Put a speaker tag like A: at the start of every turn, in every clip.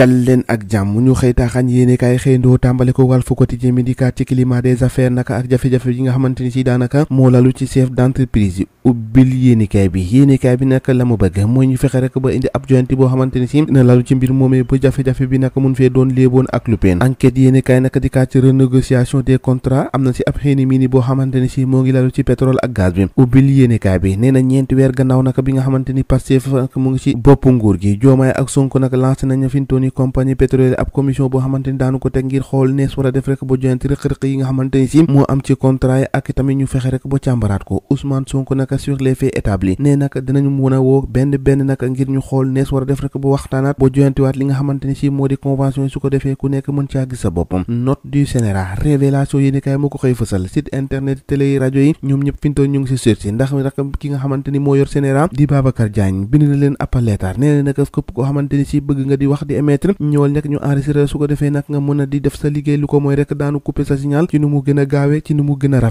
A: dal leen ak jàmm ñu xëy taaxaan yéene kaay xëyndoo tàmbale ko Walf Quotidien mi dikkaat ci climat des affaires naka ak jafe-jafe yi nga xamante ci na lalu ci mbir moomee ba jafe-jafe bi naka mun fee doon léeboon ak lu peen enquête yéene kaay naka dikkaat ci renégociation des contrats am na si ab xëy ni boo xamante ni moo ngi lalu ci pétrole ak gaz bi ubbil yéene bi nee ñeenti weer gannaaw naka bi nga xamante ni Pastef mu ngi muy compagnie pétrolière ab commission boo xamante ni daanu ko teg ngir xool nees war a def rek ba joyanti rëq-rëq yi nga xamante ni si moo am ci contrat yi ak tamit ñu fexe rek ba càmbaraat ko Ousmane Sonko naka sur les faits établis nee naka dinañu mën a woo benn benn naka ngir ñu xool nees war a def rek ba waxtaanaat ba joyantiwaat li nga xamante ni si convention su ko defee ku nekk mën caa gis sa boppam note du Sénégal révélation yi ni kaay moo ko xëy site internet télé radio rajo yi ñoom ñëpp fintoon ñu ngi si sursi ndax rek ki nga xamante ni moo yor Sénégal di Babacar Diagne bind leen appal leetar nee na naka képp koo xamante ni si bëgg nga di wax di émet mètre ñool nag ñu enregistré su ko defee nag nga mën di def sa liggéey lu ko mooy rek daanu couper sa signal ci nu mu gën a gaawee ci nu mu gën a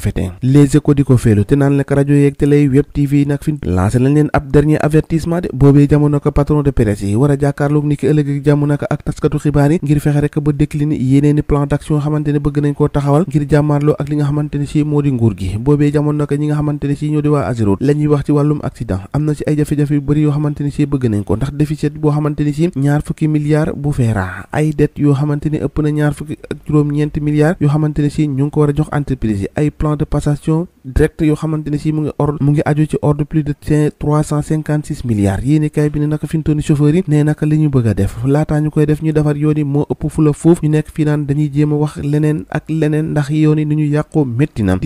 A: les échos di ko feelu te naan nag rajo télé web tv nak fi lancé nañ leen ab dernier avertissement de boobee jamono ko patron de presse yi war a jàkkaarloog ni ki ëllëg ak jàmm nag ak taskatu xibaar yi ngir fexe rek ba décliner yeneeni plan d'action xamante ne bëgg nañ koo taxawal ngir jàmmaarloo ak li nga xamante ne si moo di nguur gi boobee jamono nag ñi nga xamante ne si ñoo di waa azirut la ñuy wax ci wàllum accident am ci ay jafe-jafe yu bëri yoo xamante si bëgg nañ ko ndax déficit boo xamante ne si ñaar fukki milliards milliards bu feera ay dettes yoo xamante ëpp na ñaar fukki ak juróom-ñeenti milliards yoo xamante si ñu ngi ko war a jox entreprise yi ay plan de passation direct yoo xamante si mu ngi or mu ngi aju ci or plus de trois cent cinquante six milliards yéeni bi ne naka fintooni chauffeur yi ne naka li ñu def laataa ñu koy def ñu defar yoon moo ëpp fu foofu ñu nekk fii dañuy jéem wax leneen ak leneen ndax yoon ni ñu yàqoo métti na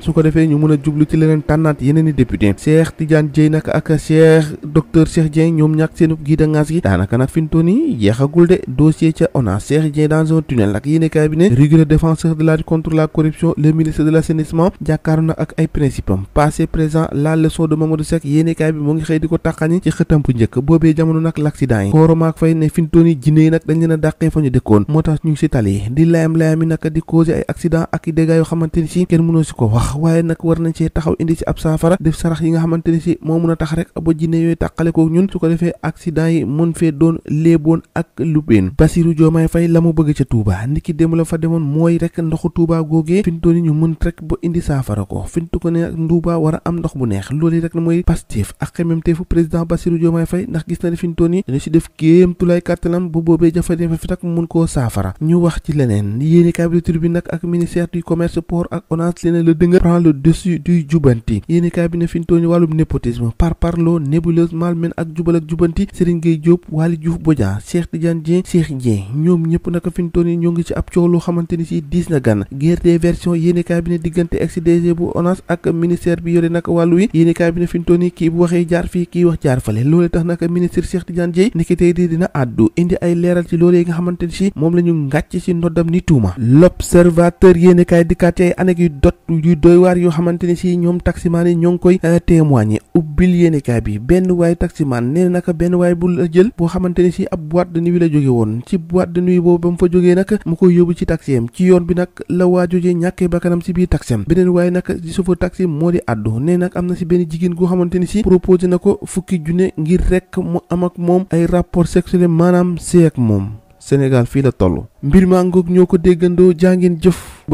A: su ko defee ñu mën a jublu ci leneen tànnaat yeneen i député Cheikh Tidiane Dièye nag ak Cheikh docteur Cheikh Dieng ñoom ñàkk seen giida ngaas gi daanaka nag fi mu toll nii yeexagul de dossier ca ONAS Cheikh Dieng dans un tunnel nag kaay bi ne rigoureux défenseur de la lutte contre la corruption le ministre de l'assainissement jàkkaaru na ak ay principe am passé ngi xëy di ko tàqani ci xëtam bu njëkk boobee jamono nag l'accident yi kooromaak fay ne fi mu yi nag dañ leen a dàqee fa ñu dëkkoon moo tax ñu ngi si tali di layam-layam yi nag di causer ay accident ak yoo xamante ni si kenn mënoo si ko wax wax waaye nag war nañ cee taxaw indi ci ab saafara def sarax yi nga xamante ni si moo mun a tax rek ba jinne yooyu tàqale ko ñun su ko accident yi doon ak lubeen Basiru Joomaay Fay lamu mu bëgg ca Touba niki démb la fa demoon mooy rek ndoxu Touba goge fintoon yi ñu mën rek ba indi saafara ko fintu ko ne Touba wara am ndox bu neex loolu rek na pastif Pastef ak xemmemteefu président Basiru Joomaay Fay ndax gis na ne si def game tulaay kàttanam bu boobee jafe def fi nag mun koo saafara ñu wax ci leneen yéeni kabilatur bi nag ak ministère du commerce port ak ONAS leneen la dënga prend le dessus du jubanti yéeni kaay bi ne fi wàllum népotisme par parloo nébuleuse malmen ak jubal ak jubanti Serigne Gueye Diop Waly Diouf Bodian Cheikh Tidiane Dieng Cheikh ñoom ñëpp naka fi ñu toll nii ñoo ngi ci ab coow loo xamante ni si diis na gan guerre des versions yéeni kaay bi ne diggante ex DG bu ONAS ak ministère bi yore naka wàllu wi yéeni bi ne fi ñu toll nii kii bu waxee jaar fii kii wax jaar fale loolee tax naka ministre Cheikh Tidiane Dieng niki di si moom la ñu ngàcc si ndoddam doy waar yoo xamante ni si ñoom taximaan yi ñoo ngi koy euh, témoigner ubbil yéenekaay bi benn waay taximaan nee naka benn waay bu la jël boo xamante ni si ab boîte de nuit la jóge woon ci boîte de nuit boobu ba mu fa jógee nag mu koy yóbbu ci taxi am ci yoon bi nag la waa jojee ñàkkee bakkanam si biir taxi am beneen waaye nag ci chauffeur taxi moo di àddu nee nag am na si benn jigéen goo xamante ni si proposé na ko fukki junne ngir rek mu am ak moom ay rapport sexuel maanaam séy moom Sénégal fii la toll mbir maa ñoo ko déggandoo jàngeen jëf